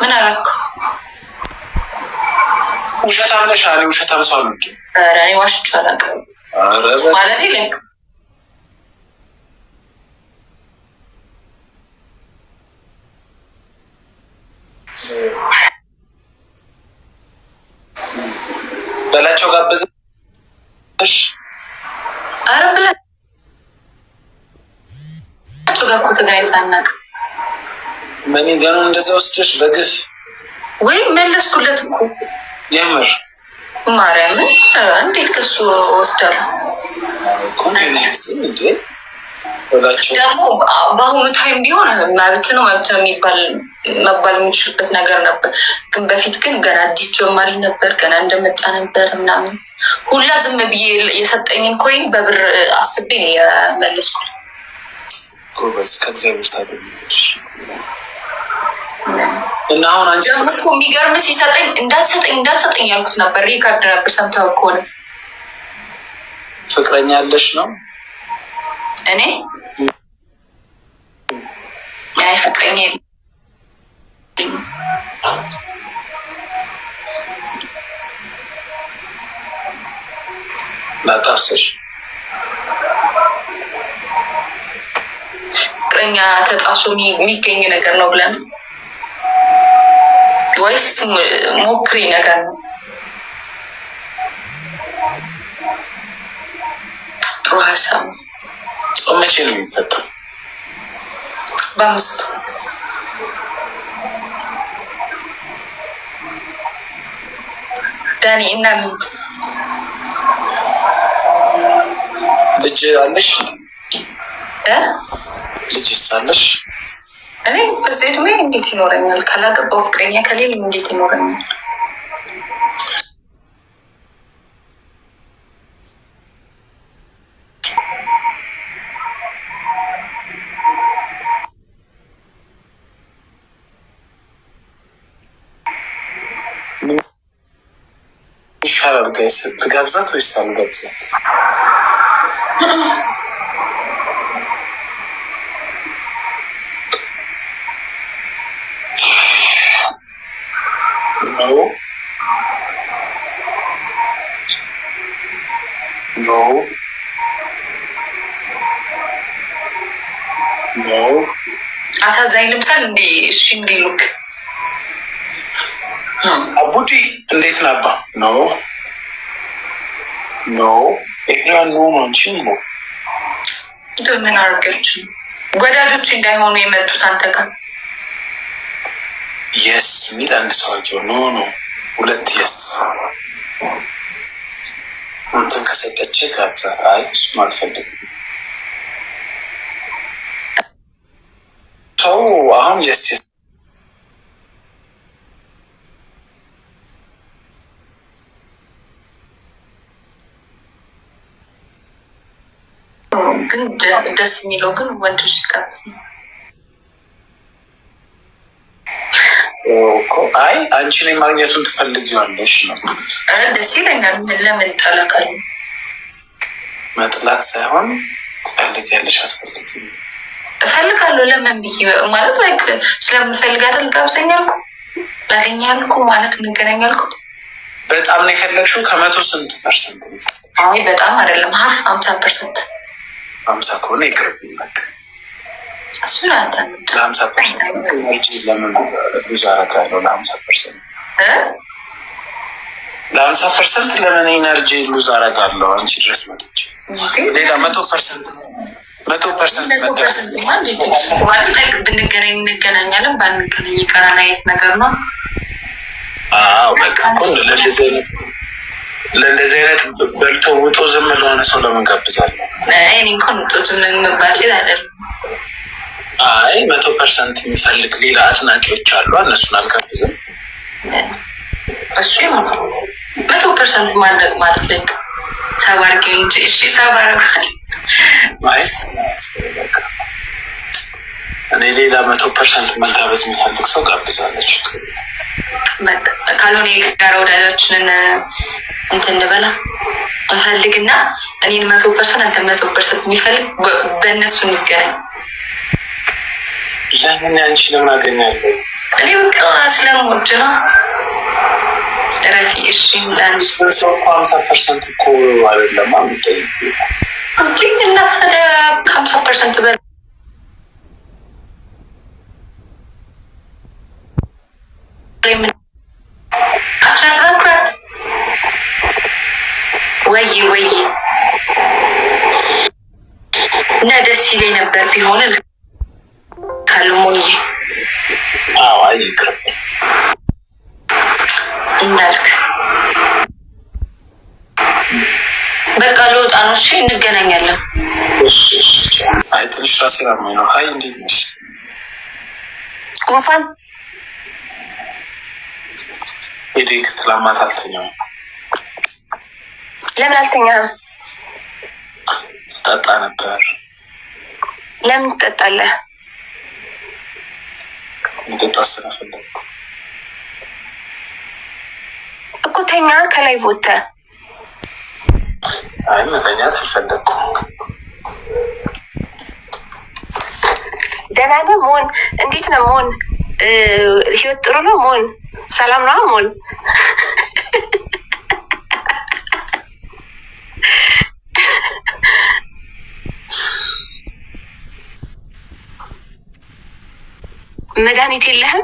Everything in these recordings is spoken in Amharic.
ምን አደረኩ? ውሸታም ነሽ አለ። ውሸታም ሰው ነው እንጂ እኔ ዋሽቼ አላውቅም ማለቴ ልክ በላቸው ጋበዘሽ አረ ብላ ቸው ጋር እኮ ትግራይ አናውቅም ገኑ እንደዛ ወስደሽ በግፍ ወይ መለስኩለት እኮ የምር ማርያምን እንዴት ከሱ ወስዳለሁ ደግሞ በአሁኑ ታይም ቢሆን መብት ነው መብት ነው የሚባል መባል የሚችሉበት ነገር ነበር። ግን በፊት ግን ገና አዲስ ጀማሪ ነበር፣ ገና እንደመጣ ነበር ምናምን ሁላ ዝም ብዬ የሰጠኝን ኮይን በብር አስቤ ነው የመለስኩት። ጎበዝ ከእግዚአብሔር ታገኛለሽ። እና አሁን አንቺ እኮ የሚገርም ሲሰጠኝ እንዳትሰጠኝ እንዳትሰጠኝ ያልኩት ነበር። ሪካርድ ነበር ሰምተው ከሆነ ፍቅረኛ ያለሽ ነው። እኔ አይ ፍቅረኛ ላጣብስሽ ፍቅረኛ ተጣሶ የሚገኝ ነገር ነው ብለን ወይስ ሞክሪ ነገር ነው? ጥሩ ሀሳብ ጾም መቼ ነው የሚፈታው? በአምስት ዳኒ እና ምን ልጅ አለሽ? ልጅ ሳለሽ እኔ በዚህ እድሜ እንዴት ይኖረኛል? ካላገባው ፍቅረኛ ከሌለ እንዴት ይኖረኛል? ይሻላል ጋይስ ብጋብዛት ወይስ አልጋብዛት? ኖ ኖ አሳዛኝ ልምሳል እንዴ? እሺ እንዲሉክ አቡዲ እንዴት ናባ? ኖ ኖ ኤድራ ኖ ማንችን ነው ምን አርገች ወዳጆች እንዳይሆኑ የመጡት አንተ ጋር የስ ሚል አንድ ሰው ኖ ኖ ሁለት የስ አንተን ከሰጠች ጋብዛ። አይ እሱም አልፈልግም። ሰው አሁን የስ ግን ደስ የሚለው ግን ወንድ ጋብዝ ነው። እኮ አይ አንቺን የማግኘቱን ትፈልጊዋለሽ ነው። ደስ ይለኛል። ለምን ጠላቃሉ? መጥላት ሳይሆን ትፈልጊያለሽ አትፈልጊም? እፈልጋለሁ። ለምን ብዬ ማለት ላይ ስለምፈልግ አይደል? ጋብዘኝ አልኩ፣ ላገኝ አልኩ፣ ማለት እንገናኝ አልኩ። በጣም ነው የፈለግሽው? ከመቶ ስንት ፐርሰንት? አይ በጣም አይደለም፣ ሀፍ ሀምሳ ፐርሰንት። ሀምሳ ከሆነ ይቅርብኝ በቃ እሱን ለሀምሳ ፐርሰንት ለምን ኢነርጂ ሉዝ አደርጋለሁ? አንቺ ድረስ መጥቼ ሌላ መቶ ፐርሰንት መቶ ፐርሰንት ብንገናኝ እንገናኛለን፣ ባንገናኝ ቀረና የት ነገር ነው። ለእንደዚህ አይነት በልቶ ውጦ ዝም ለሆነ ሰው ለምን ጋብዛለሁ? እኔ እንኳን ውጦ ዝም የምባል አይደለም አይ መቶ ፐርሰንት የሚፈልግ ሌላ አድናቂዎች አሉ፣ እነሱን አልጋብዝም። እሱ መቶ ፐርሰንት ማድረግ ማለት ለ ሰባርጌ ጌምጅ እሺ፣ ማይስ እኔ ሌላ መቶ ፐርሰንት መጋበዝ የሚፈልግ ሰው ጋብዛለች። ካልሆነ የጋራ ወዳጃችንን እንትን እንበላ እንፈልግና እኔን መቶ ፐርሰንት አንተ መቶ ፐርሰንት የሚፈልግ በእነሱ እንገናኝ። ለምን አንቺ ለምን አገኛለሁ? እኔ በቃ ስለምወድ ነው። ረፊ እሺ፣ ሀምሳ ፐርሰንት እኮ አይደለማ የምጠይቀው እና ታዲያ ከሀምሳ ፐርሰንት በ ወይ ወይ እና ደስ ይለኝ ነበር ቢሆን ታልሞ እንጂ እንዳልክ በቃ ልወጣ ነው። እሺ እንገናኛለን። አይ ትንሽ ራሴ ራማኝ ነው። አይ እንዴት ነሽ? ጉንፋን ኤዴክስ ትላማት አልተኛም። ለምን አልተኛ? ስጠጣ ነበር። ለምን ትጠጣለህ? መጠጣት ስለፈለግኩ እኮ ተኛ። ከላይ ቦተ አይ መተኛት አልፈለግኩም። ደህና ነህ ሞን? እንዴት ነህ ሞን? ህይወት ጥሩ ነው ሞን? ሰላም ነው ሞን? መድኃኒት የለህም?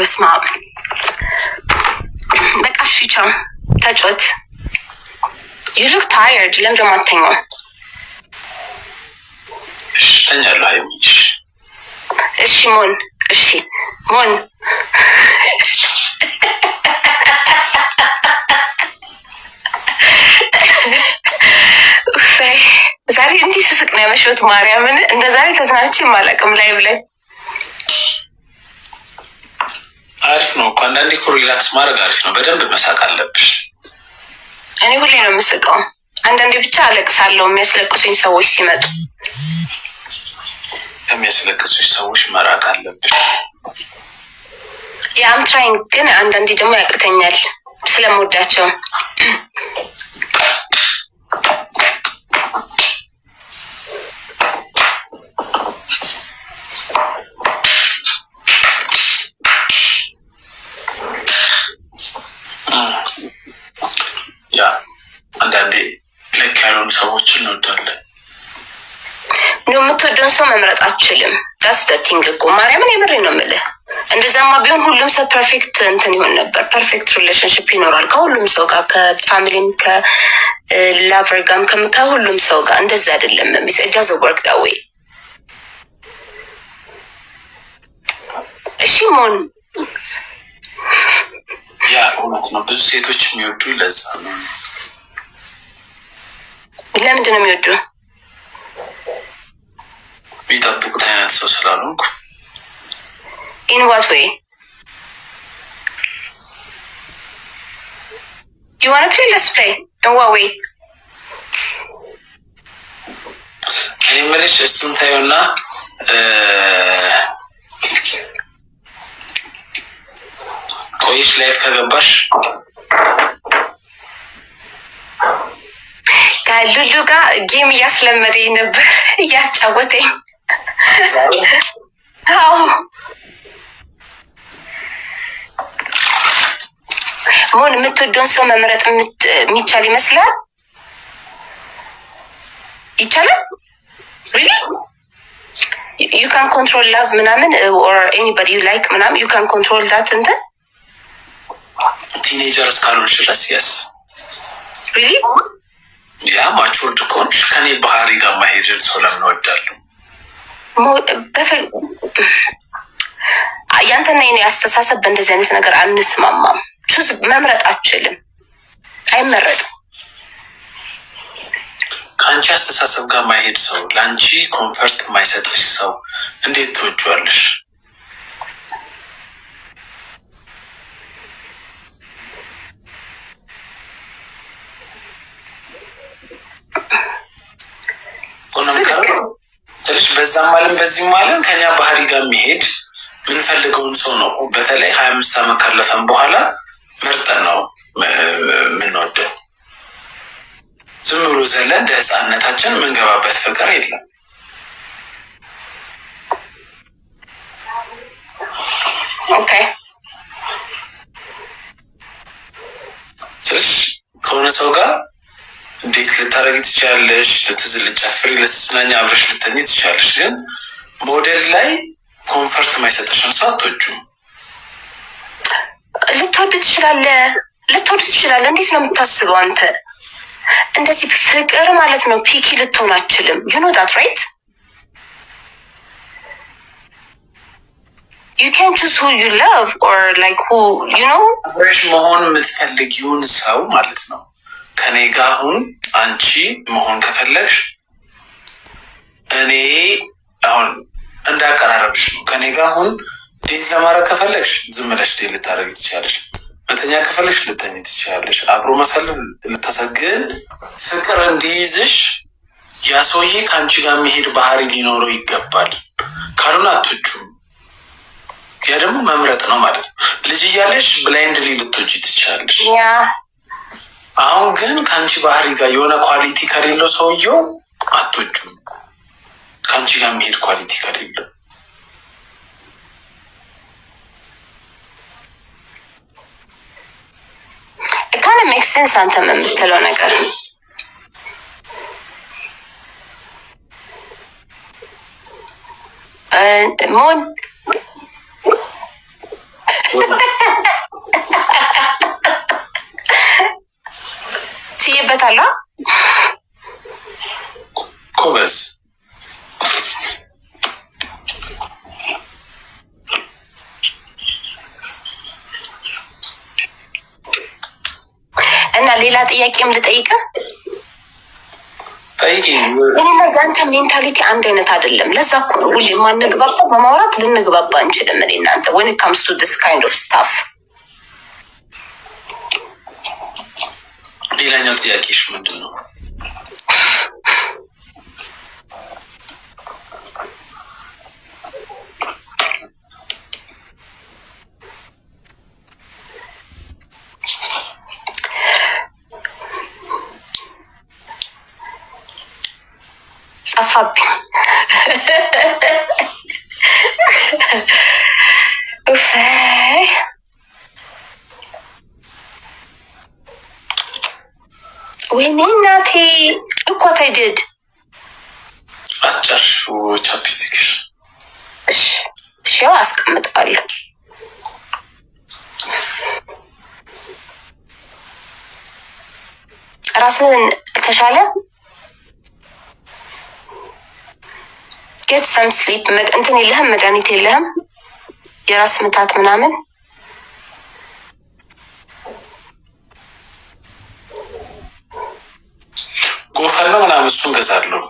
በስመ አብ በቃ እሺ፣ ቻው ተጫወት። ዩሉክ ታየርድ ለምንድን ነው የማትተኛው? እሺ እተኛለሁ። ሀይሚሽ እሺ ሞን እሺ ሞን ዛሬ እንዲህ ስስቅ ነው ያመሸሁት። ማርያምን እንደ ዛሬ ተዝናንቼ የማላቅም ላይ ብለን አሪፍ ነው እኮ አንዳንዴ እኮ ሪላክስ ማድረግ አሪፍ ነው። በደንብ መሳቅ አለብሽ። እኔ ሁሌ ነው የምስቀው። አንዳንዴ ብቻ አለቅሳለሁ የሚያስለቅሱኝ ሰዎች ሲመጡ። የሚያስለቅሱኝ ሰዎች መራቅ አለብሽ። የአምትራይን ግን አንዳንዴ ደግሞ ያቅተኛል ስለምወዳቸው ሰው መምረጥ አትችልም። ዳስ ደቲንግ እኮ ማርያምን የምሬ ነው የምልህ። እንደዛማ ቢሆን ሁሉም ሰው ፐርፌክት እንትን ይሆን ነበር። ፐርፌክት ሪሌሽንሽፕ ይኖራል ከሁሉም ሰው ጋር ከፋሚሊም ከላቨር ጋም ከምታ ሁሉም ሰው ጋር። እንደዛ አይደለም ሚስ ዳዘ ወርክ ዳ ወይ እሺ ሞን ያ እውነት ነው። ብዙ ሴቶች የሚወዱ ለዛ ነው። ለምንድን ነው የሚወዱ? የሚጠብቁት አይነት ሰው ስላልሆንኩ ኢንዋት ወይ ዩዋነ ፕሌ ለስ ፕሌይ እንዋ ወይ እኔ የምልሽ እሱን ታዩና ቆይሽ ላይፍ ከገባሽ ከሉሉ ጋር ጌም እያስለመደኝ ነበር እያጫወተኝ አዎ የምትወደውን ሰው መምረጥ የሚቻል ይመስላል። ይቻላል። ሪሊ ዩ ካን ኮንትሮል ላቭ ምናምን ኦር ኤኒባዲ ዩ ላይክ ምናምን ዩ ካን ኮንትሮል ዛት እንትን ቲኔጀር እስካልሆንሽ ድረስ የስ ሪሊ ያ ማቹርድ ከሆንሽ ከኔ ባህሪ ጋር ማሄድን ሰው ለምን እወዳለሁ ያንተና የኔ አስተሳሰብ በእንደዚህ አይነት ነገር አንስማማም። ቹዝ መምረጥ አችልም፣ አይመረጥም። ከአንቺ አስተሳሰብ ጋር ማይሄድ ሰው፣ ለአንቺ ኮንፈርት የማይሰጥሽ ሰው እንዴት ትወጇዋለሽ? ሆነም ስልሽ በዛም አለም በዚህም አለም ከኛ ባህሪ ጋር የሚሄድ የምንፈልገውን ሰው ነው። በተለይ ሀያ አምስት ዓመት ካለፈን በኋላ መርጠን ነው የምንወደው። ዝም ብሎ ዘለ እንደ ህፃነታችን የምንገባበት ፍቅር የለም። ኦኬ ስልሽ ከሆነ ሰው ጋር እንዴት ልታደረግ ትችላለሽ? ልትዝ ልጨፍሪ፣ ልትዝናኛ አብረሽ ልተኝ ትችላለሽ። ግን ሞዴል ላይ ኮንፈርት ማይሰጠሽን ሰው አትወጂም። ልትወድ ትችላለህ፣ ልትወድ ትችላለህ። እንዴት ነው የምታስበው አንተ? እንደዚህ ፍቅር ማለት ነው። ፒኪ ልትሆን አችልም። ዩ ኖ ዳት ራይት ዩ ካን ቹዝ ሁ ዩ ላቭ ኦር ላይክ ሁ ዩ ኖ አብረሽ መሆን የምትፈልጊውን ሰው ማለት ነው ከኔ ጋር አሁን አንቺ መሆን ከፈለግሽ እኔ አሁን እንዳቀራረብሽ ነው። ከኔ ጋር አሁን ዴት ለማድረግ ከፈለግሽ ዝም ብለሽ ዴት ልታደርግ ትችላለሽ። መተኛ ከፈለግሽ ልተኝ ትችላለሽ። አብሮ ማሳለፍ ልተሰግን ፍቅር እንዲይዝሽ ያ ሰውዬ ከአንቺ ጋር የሚሄድ ባህሪ ሊኖረው ይገባል። ካልሆነ አትችም። ያ ደግሞ መምረጥ ነው ማለት ነው። ልጅ እያለሽ ብላይንድሊ ልትወጪ ትችላለሽ። አሁን ግን ከአንቺ ባህሪ ጋር የሆነ ኳሊቲ ከሌለው ሰውየው አቶቹም ከአንቺ ጋር መሄድ ኳሊቲ ከሌለው ካለ ሜክ ሴንስ። አንተም የምትለው ነገር ሞን uh, ስዬበታል ኮበስ እና ሌላ ጥያቄም ልጠይቅህ። ላይ የአንተ ሜንታሊቲ አንድ አይነት አይደለም። ለዛ እኮ ነው ሁሌ የማንግባባ በማውራት ልንግባባ እንችልም። እናንተ ወን ካምስ ቱ ዲስ ካይንድ ኦፍ ስታፍ ሌላኛው ጥያቄሽ ምንድን ነው? ጠፋብኝ። ወይኔ እናቴ እኮ ተይደድ አስጨርሹ ቻፕስቲክሽ። እሺ እሺ፣ አስቀምጠዋለሁ። ራስህን ተሻለ ጌት ሰም ስሊፕ እንትን የለህም መድኃኒት የለህም የራስ ምታት ምናምን ጎፈር ነው ምናምን እሱን ገዛለሁ።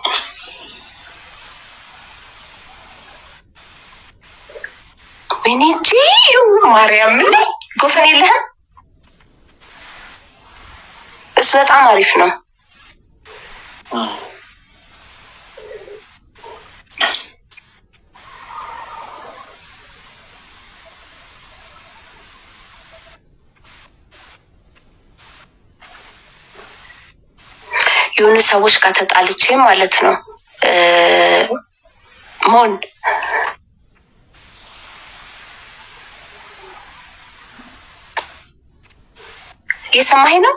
ወይኔ እጂ ማርያም ጎፈን የለህም። እሱ በጣም አሪፍ ነው። የሆኑ ሰዎች ጋር ተጣልቼ ማለት ነው ሞን እየሰማኝ ነው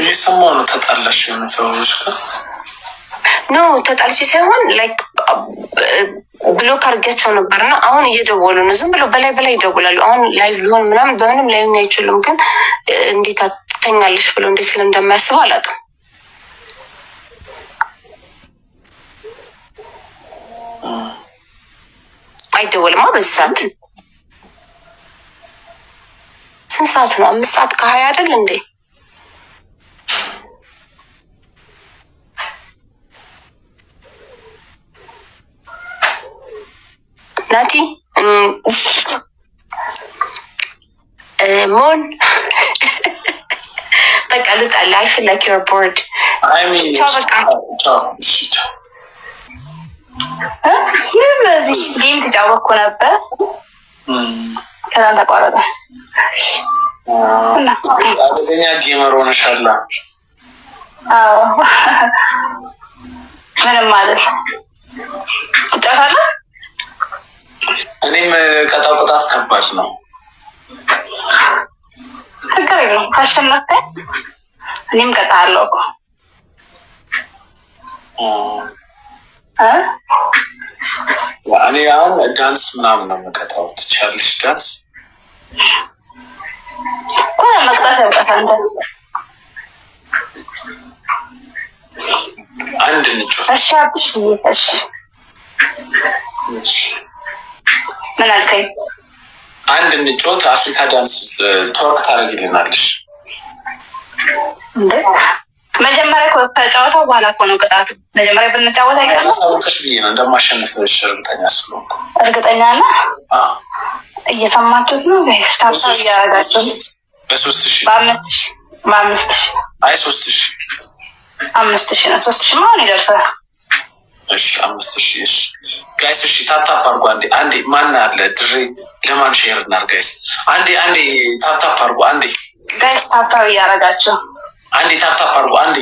እየሰማሁ ነው። ተጣላሽ የሆኑ ሰዎች ጋር ኖ ተጣልቼ ሳይሆን ላይክ ብሎክ አድርጌያቸው ነበር እና አሁን እየደወሉ ነው። ዝም ብሎ በላይ በላይ ይደውላሉ። አሁን ላይቭ ሊሆን ምናምን በምንም ላይ አይችሉም። ግን እንዴት ትተኛለች ብሎ እንዴት እንደሚያስበው አላውቅም። አይደወልማ በዚህ ሰዓት ስንት ሰዓት ነው? አምስት ሰዓት ከሀያ አይደል እንዴ? ናቲ ሞን በቃ ልጣል። አይ ፊል ላይክ ዩር ቦርድ። ቻው በቃ ይህ ጌም ነበር፣ ከዛ ተቋረጠ። አደገኛ ጌመር ምንም ማለት ትጫወታለህ። እኔም ቀጣቁጣ አስከባድ ነው። ችግር የለም። ካሸነፍከኝ እኔም እቀጣለሁ እኮ እኔ አሁን ዳንስ ምናምን ነው የምቀጣው። ትችያለሽ ዳንስ እኮ መቅጣት ያውቃታል። አንድ ንጮ እሺ፣ አትሽ ምን አልከኝ? አንድ እንጮት አፍሪካ ዳንስ ቶርክ ታደርግልናለሽ። መጀመሪያ ከጨዋታው በኋላ እኮ ነው ቅጣቱ። መጀመሪያ ብንጫወት አይቀርም። ብዬ ነው እንደማሸንፍሽ እርግጠኛ ስለሆንኩ። እርግጠኛ እየሰማችሁት ነው። ስታሳ እያረጋቸው በሶስት ሺ በአምስት ሺ በአምስት ሺ አይ ሶስት ሺ አምስት ሺ ነው። ሶስት ሺ ይደርሳል እሺ አምስት ሺ እሺ ጋይስ፣ እሺ ታፕታፕ አርጉ አንዴ አንዴ። ማን አለ ድሬ ለማን ሼር እናር ጋይስ፣ አንዴ አንዴ ታፕታፕ አርጉ አንዴ ጋይስ፣ ታፕታፕ እያረጋቸው አንዴ ታፕታፕ አርጉ አንዴ